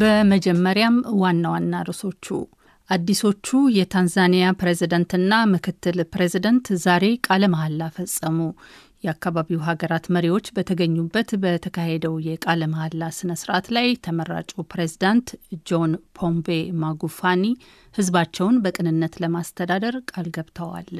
በመጀመሪያም ዋና ዋና ርዕሶቹ አዲሶቹ የታንዛኒያ ፕሬዝደንትና ምክትል ፕሬዝደንት ዛሬ ቃለ መሐላ ፈጸሙ። የአካባቢው ሀገራት መሪዎች በተገኙበት በተካሄደው የቃለ መሐላ ስነ ስርዓት ላይ ተመራጩ ፕሬዝዳንት ጆን ፖምቤ ማጉፋኒ ህዝባቸውን በቅንነት ለማስተዳደር ቃል ገብተዋል።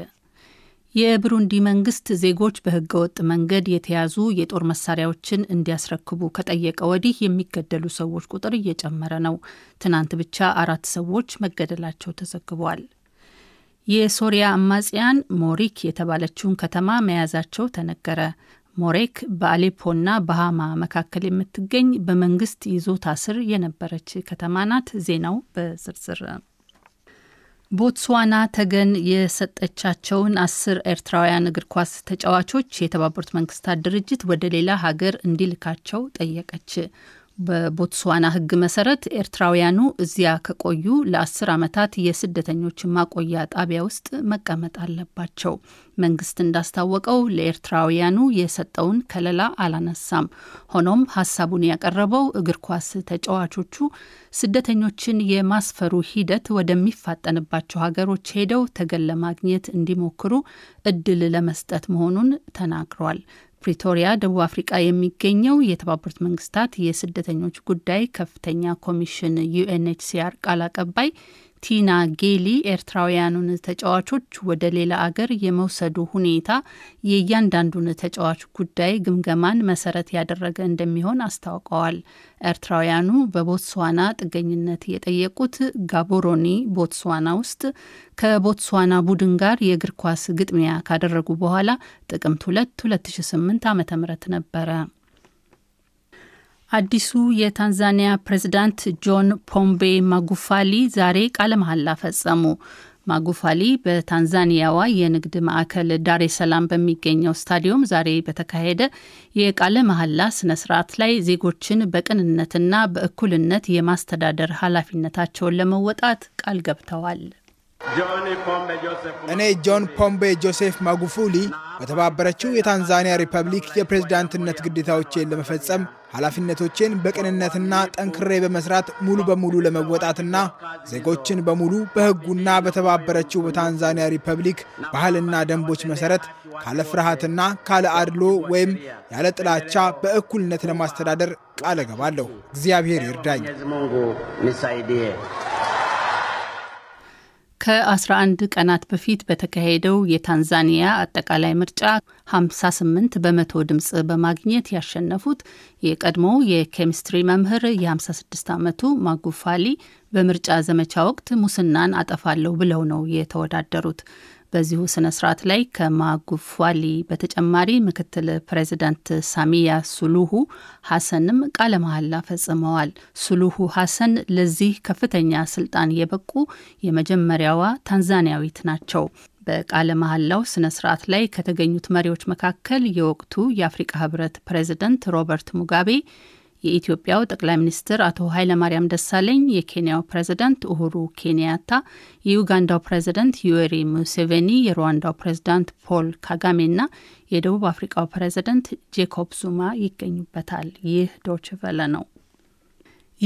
የብሩንዲ መንግስት ዜጎች በህገወጥ መንገድ የተያዙ የጦር መሳሪያዎችን እንዲያስረክቡ ከጠየቀ ወዲህ የሚገደሉ ሰዎች ቁጥር እየጨመረ ነው። ትናንት ብቻ አራት ሰዎች መገደላቸው ተዘግቧል። የሶሪያ አማጽያን ሞሪክ የተባለችውን ከተማ መያዛቸው ተነገረ። ሞሬክ በአሌፖና በሃማ መካከል የምትገኝ በመንግስት ይዞታ ስር የነበረች ከተማ ናት። ዜናው በዝርዝር ቦትስዋና ተገን የሰጠቻቸውን አስር ኤርትራውያን እግር ኳስ ተጫዋቾች የተባበሩት መንግስታት ድርጅት ወደ ሌላ ሀገር እንዲልካቸው ጠየቀች። በቦትስዋና ሕግ መሰረት ኤርትራውያኑ እዚያ ከቆዩ ለአስር ዓመታት የስደተኞች ማቆያ ጣቢያ ውስጥ መቀመጥ አለባቸው። መንግስት እንዳስታወቀው ለኤርትራውያኑ የሰጠውን ከለላ አላነሳም። ሆኖም ሀሳቡን ያቀረበው እግር ኳስ ተጫዋቾቹ ስደተኞችን የማስፈሩ ሂደት ወደሚፋጠንባቸው ሀገሮች ሄደው ተገን ለማግኘት እንዲሞክሩ እድል ለመስጠት መሆኑን ተናግሯል። ፕሪቶሪያ ደቡብ አፍሪቃ የሚገኘው የተባበሩት መንግስታት የስደተኞች ጉዳይ ከፍተኛ ኮሚሽን ዩኤንኤችሲአር ቃል አቀባይ ቲና ጌሊ ኤርትራውያኑን ተጫዋቾች ወደ ሌላ አገር የመውሰዱ ሁኔታ የእያንዳንዱን ተጫዋች ጉዳይ ግምገማን መሰረት ያደረገ እንደሚሆን አስታውቀዋል። ኤርትራውያኑ በቦትስዋና ጥገኝነት የጠየቁት ጋቦሮኒ ቦትስዋና ውስጥ ከቦትስዋና ቡድን ጋር የእግር ኳስ ግጥሚያ ካደረጉ በኋላ ጥቅምት 2 2008 ዓ ም ነበረ። አዲሱ የታንዛኒያ ፕሬዝዳንት ጆን ፖምቤ ማጉፋሊ ዛሬ ቃለ መሐላ ፈጸሙ። ማጉፋሊ በታንዛኒያዋ የንግድ ማዕከል ዳሬ ሰላም በሚገኘው ስታዲየም ዛሬ በተካሄደ የቃለ መሐላ ስነ ስርዓት ላይ ዜጎችን በቅንነትና በእኩልነት የማስተዳደር ኃላፊነታቸውን ለመወጣት ቃል ገብተዋል። እኔ ጆን ፖምቤ ጆሴፍ ማጉፉሊ በተባበረችው የታንዛኒያ ሪፐብሊክ የፕሬዝዳንትነት ግዴታዎቼን ለመፈጸም ኃላፊነቶቼን በቅንነትና ጠንክሬ በመስራት ሙሉ በሙሉ ለመወጣትና ዜጎችን በሙሉ በሕጉና በተባበረችው በታንዛኒያ ሪፐብሊክ ባህልና ደንቦች መሠረት ካለ ፍርሃትና ካለ አድሎ ወይም ያለ ጥላቻ በእኩልነት ለማስተዳደር ቃል እገባለሁ። እግዚአብሔር ይርዳኝ። ከ11 ቀናት በፊት በተካሄደው የታንዛኒያ አጠቃላይ ምርጫ 58 በመቶ ድምፅ በማግኘት ያሸነፉት የቀድሞው የኬሚስትሪ መምህር የ56 ዓመቱ ማጉፋሊ በምርጫ ዘመቻ ወቅት ሙስናን አጠፋለሁ ብለው ነው የተወዳደሩት። በዚሁ ስነ ስርዓት ላይ ከማጉፏሊ በተጨማሪ ምክትል ፕሬዚዳንት ሳሚያ ሱሉሁ ሀሰንም ቃለ መሐላ ፈጽመዋል። ሱሉሁ ሀሰን ለዚህ ከፍተኛ ስልጣን የበቁ የመጀመሪያዋ ታንዛኒያዊት ናቸው። በቃለ መሐላው ስነ ስርዓት ላይ ከተገኙት መሪዎች መካከል የወቅቱ የአፍሪካ ህብረት ፕሬዚደንት ሮበርት ሙጋቤ የኢትዮጵያው ጠቅላይ ሚኒስትር አቶ ኃይለማርያም ደሳለኝ፣ የኬንያው ፕሬዝደንት ኡሁሩ ኬንያታ፣ የዩጋንዳው ፕሬዝደንት ዩዌሪ ሙሴቬኒ፣ የሩዋንዳው ፕሬዝዳንት ፖል ካጋሜና የደቡብ አፍሪካው ፕሬዝደንት ጄኮብ ዙማ ይገኙበታል። ይህ ዶች ቨለ ነው።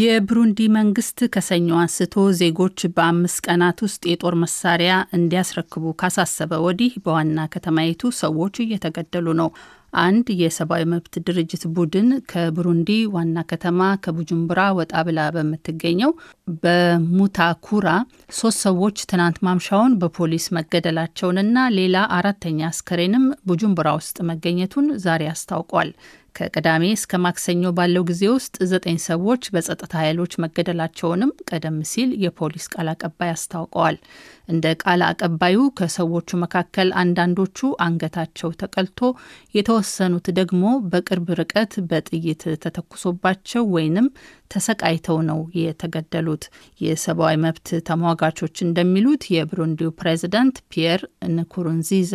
የብሩንዲ መንግስት ከሰኞ አንስቶ ዜጎች በአምስት ቀናት ውስጥ የጦር መሳሪያ እንዲያስረክቡ ካሳሰበ ወዲህ በዋና ከተማይቱ ሰዎች እየተገደሉ ነው። አንድ የሰብአዊ መብት ድርጅት ቡድን ከቡሩንዲ ዋና ከተማ ከቡጁምቡራ ወጣ ብላ በምትገኘው በሙታኩራ ሶስት ሰዎች ትናንት ማምሻውን በፖሊስ መገደላቸውንና ሌላ አራተኛ አስከሬንም ቡጁምቡራ ውስጥ መገኘቱን ዛሬ አስታውቋል። ከቅዳሜ እስከ ማክሰኞ ባለው ጊዜ ውስጥ ዘጠኝ ሰዎች በጸጥታ ኃይሎች መገደላቸውንም ቀደም ሲል የፖሊስ ቃል አቀባይ አስታውቀዋል። እንደ ቃል አቀባዩ ከሰዎቹ መካከል አንዳንዶቹ አንገታቸው ተቀልቶ፣ የተወሰኑት ደግሞ በቅርብ ርቀት በጥይት ተተኩሶባቸው ወይንም ተሰቃይተው ነው የተገደሉት። የሰብአዊ መብት ተሟጋቾች እንደሚሉት የብሩንዲው ፕሬዝዳንት ፒየር ንኩሩንዚዛ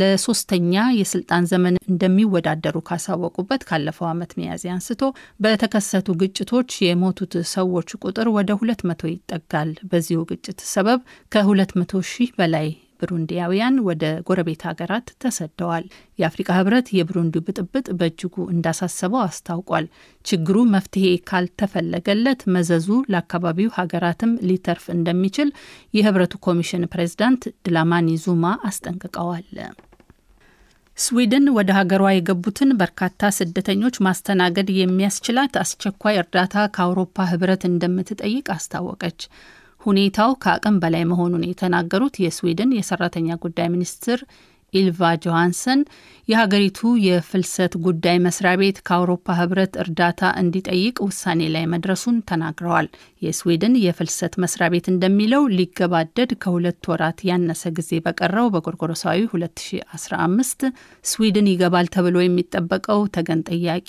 ለሶስተኛ የስልጣን ዘመን እንደሚወዳደሩ ካሳወቁበት ካለፈው ዓመት ሚያዝያ አንስቶ በተከሰቱ ግጭቶች የሞቱት ሰዎች ቁጥር ወደ ሁለት መቶ ይጠጋል። በዚሁ ግጭት ሰበብ ከሁለት መቶ ሺህ በላይ ብሩንዲያውያን ወደ ጎረቤት ሀገራት ተሰደዋል። የአፍሪካ ህብረት የብሩንዲው ብጥብጥ በእጅጉ እንዳሳሰበው አስታውቋል። ችግሩ መፍትሄ ካልተፈለገለት መዘዙ ለአካባቢው ሀገራትም ሊተርፍ እንደሚችል የህብረቱ ኮሚሽን ፕሬዝዳንት ድላማኒ ዙማ አስጠንቅቀዋል። ስዊድን ወደ ሀገሯ የገቡትን በርካታ ስደተኞች ማስተናገድ የሚያስችላት አስቸኳይ እርዳታ ከአውሮፓ ህብረት እንደምትጠይቅ አስታወቀች። ሁኔታው ከአቅም በላይ መሆኑን የተናገሩት የስዊድን የሰራተኛ ጉዳይ ሚኒስትር ኢልቫ ጆሃንሰን የሀገሪቱ የፍልሰት ጉዳይ መስሪያ ቤት ከአውሮፓ ህብረት እርዳታ እንዲጠይቅ ውሳኔ ላይ መድረሱን ተናግረዋል። የስዊድን የፍልሰት መስሪያ ቤት እንደሚለው ሊገባደድ ከሁለት ወራት ያነሰ ጊዜ በቀረው በጎርጎሮሳዊ 2015 ስዊድን ይገባል ተብሎ የሚጠበቀው ተገን ጠያቂ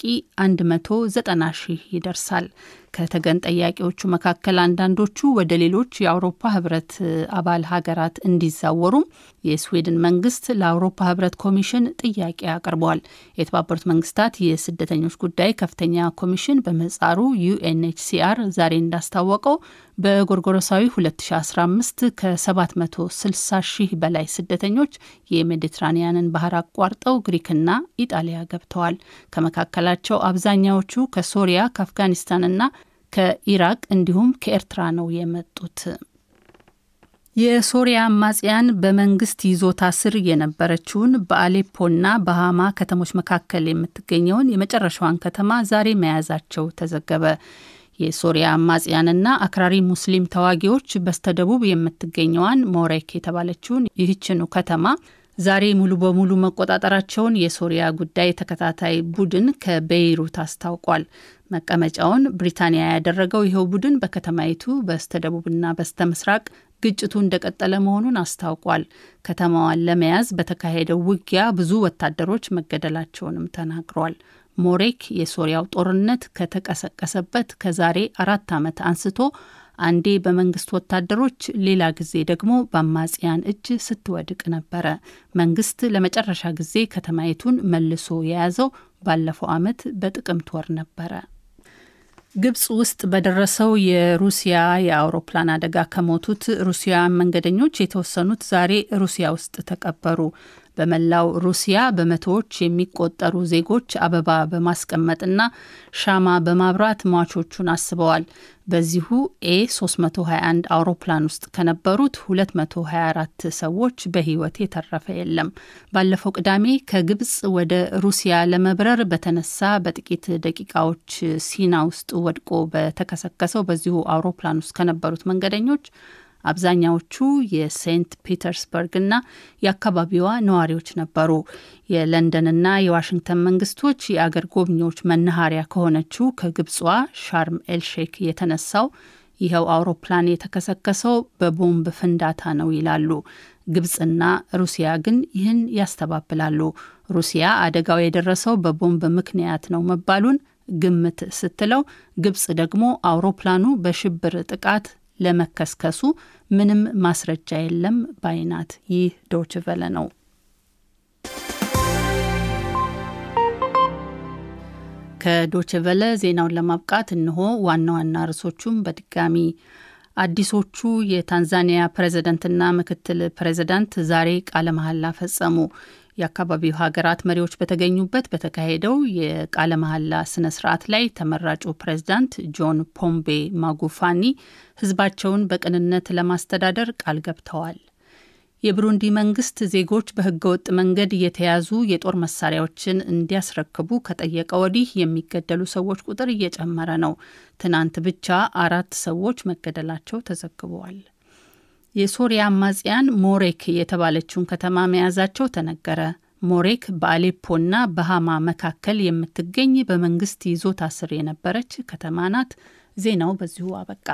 190 ሺህ ይደርሳል። ከተገን ጠያቂዎቹ መካከል አንዳንዶቹ ወደ ሌሎች የአውሮፓ ህብረት አባል ሀገራት እንዲዛወሩም የስዊድን መንግስት ለአውሮፓ ህብረት ኮሚሽን ጥያቄ አቅርበዋል። የተባበሩት መንግስታት የስደተኞች ጉዳይ ከፍተኛ ኮሚሽን በመጻሩ ዩኤንኤችሲአር ዛሬ እንዳስታወቀው በጎርጎሮሳዊ 2015 ከ760 ሺህ በላይ ስደተኞች የሜዲትራኒያንን ባህር አቋርጠው ግሪክና ኢጣሊያ ገብተዋል። ከመካከላቸው አብዛኛዎቹ ከሶሪያ፣ ከአፍጋኒስታንና ከኢራቅ እንዲሁም ከኤርትራ ነው የመጡት። የሶሪያ አማጽያን በመንግስት ይዞታ ስር የነበረችውን በአሌፖና በሃማ ከተሞች መካከል የምትገኘውን የመጨረሻዋን ከተማ ዛሬ መያዛቸው ተዘገበ። የሶሪያ አማጽያንና አክራሪ ሙስሊም ተዋጊዎች በስተደቡብ የምትገኘዋን ሞሬክ የተባለችውን ይህችኑ ከተማ ዛሬ ሙሉ በሙሉ መቆጣጠራቸውን የሶሪያ ጉዳይ ተከታታይ ቡድን ከቤይሩት አስታውቋል። መቀመጫውን ብሪታንያ ያደረገው ይኸው ቡድን በከተማይቱ በስተደቡብና በስተ ምስራቅ ግጭቱ እንደቀጠለ መሆኑን አስታውቋል። ከተማዋን ለመያዝ በተካሄደው ውጊያ ብዙ ወታደሮች መገደላቸውንም ተናግሯል። ሞሬክ የሶሪያው ጦርነት ከተቀሰቀሰበት ከዛሬ አራት ዓመት አንስቶ አንዴ በመንግስት ወታደሮች ሌላ ጊዜ ደግሞ በአማጽያን እጅ ስትወድቅ ነበረ። መንግስት ለመጨረሻ ጊዜ ከተማይቱን መልሶ የያዘው ባለፈው ዓመት በጥቅምት ወር ነበረ። ግብጽ ውስጥ በደረሰው የሩሲያ የአውሮፕላን አደጋ ከሞቱት ሩሲያውያን መንገደኞች የተወሰኑት ዛሬ ሩሲያ ውስጥ ተቀበሩ። በመላው ሩሲያ በመቶዎች የሚቆጠሩ ዜጎች አበባ በማስቀመጥና ሻማ በማብራት ሟቾቹን አስበዋል። በዚሁ ኤ 321 አውሮፕላን ውስጥ ከነበሩት 224 ሰዎች በሕይወት የተረፈ የለም። ባለፈው ቅዳሜ ከግብጽ ወደ ሩሲያ ለመብረር በተነሳ በጥቂት ደቂቃዎች ሲና ውስጥ ወድቆ በተከሰከሰው በዚሁ አውሮፕላን ውስጥ ከነበሩት መንገደኞች አብዛኛዎቹ የሴንት ፒተርስበርግና የአካባቢዋ ነዋሪዎች ነበሩ። የለንደንና የዋሽንግተን መንግስቶች የአገር ጎብኚዎች መናኸሪያ ከሆነችው ከግብጿ ሻርም ኤልሼክ የተነሳው ይኸው አውሮፕላን የተከሰከሰው በቦምብ ፍንዳታ ነው ይላሉ። ግብጽና ሩሲያ ግን ይህን ያስተባብላሉ። ሩሲያ አደጋው የደረሰው በቦምብ ምክንያት ነው መባሉን ግምት ስትለው፣ ግብጽ ደግሞ አውሮፕላኑ በሽብር ጥቃት ለመከስከሱ ምንም ማስረጃ የለም ባይናት። ይህ ዶችቨለ ነው። ከዶችቨለ ዜናውን ለማብቃት እንሆ ዋና ዋና ርዕሶቹም በድጋሚ አዲሶቹ የታንዛኒያ ፕሬዝደንትና ምክትል ፕሬዝደንት ዛሬ ቃለ መሐላ ፈጸሙ። የአካባቢው ሀገራት መሪዎች በተገኙበት በተካሄደው የቃለ መሐላ ስነ ስርዓት ላይ ተመራጩ ፕሬዝዳንት ጆን ፖምቤ ማጉፋኒ ህዝባቸውን በቅንነት ለማስተዳደር ቃል ገብተዋል። የብሩንዲ መንግስት ዜጎች በህገወጥ መንገድ የተያዙ የጦር መሳሪያዎችን እንዲያስረክቡ ከጠየቀ ወዲህ የሚገደሉ ሰዎች ቁጥር እየጨመረ ነው። ትናንት ብቻ አራት ሰዎች መገደላቸው ተዘግበዋል። የሶሪያ አማጽያን ሞሬክ የተባለችውን ከተማ መያዛቸው ተነገረ። ሞሬክ በአሌፖና በሃማ መካከል የምትገኝ በመንግስት ይዞታ ስር የነበረች ከተማ ናት። ዜናው በዚሁ አበቃ።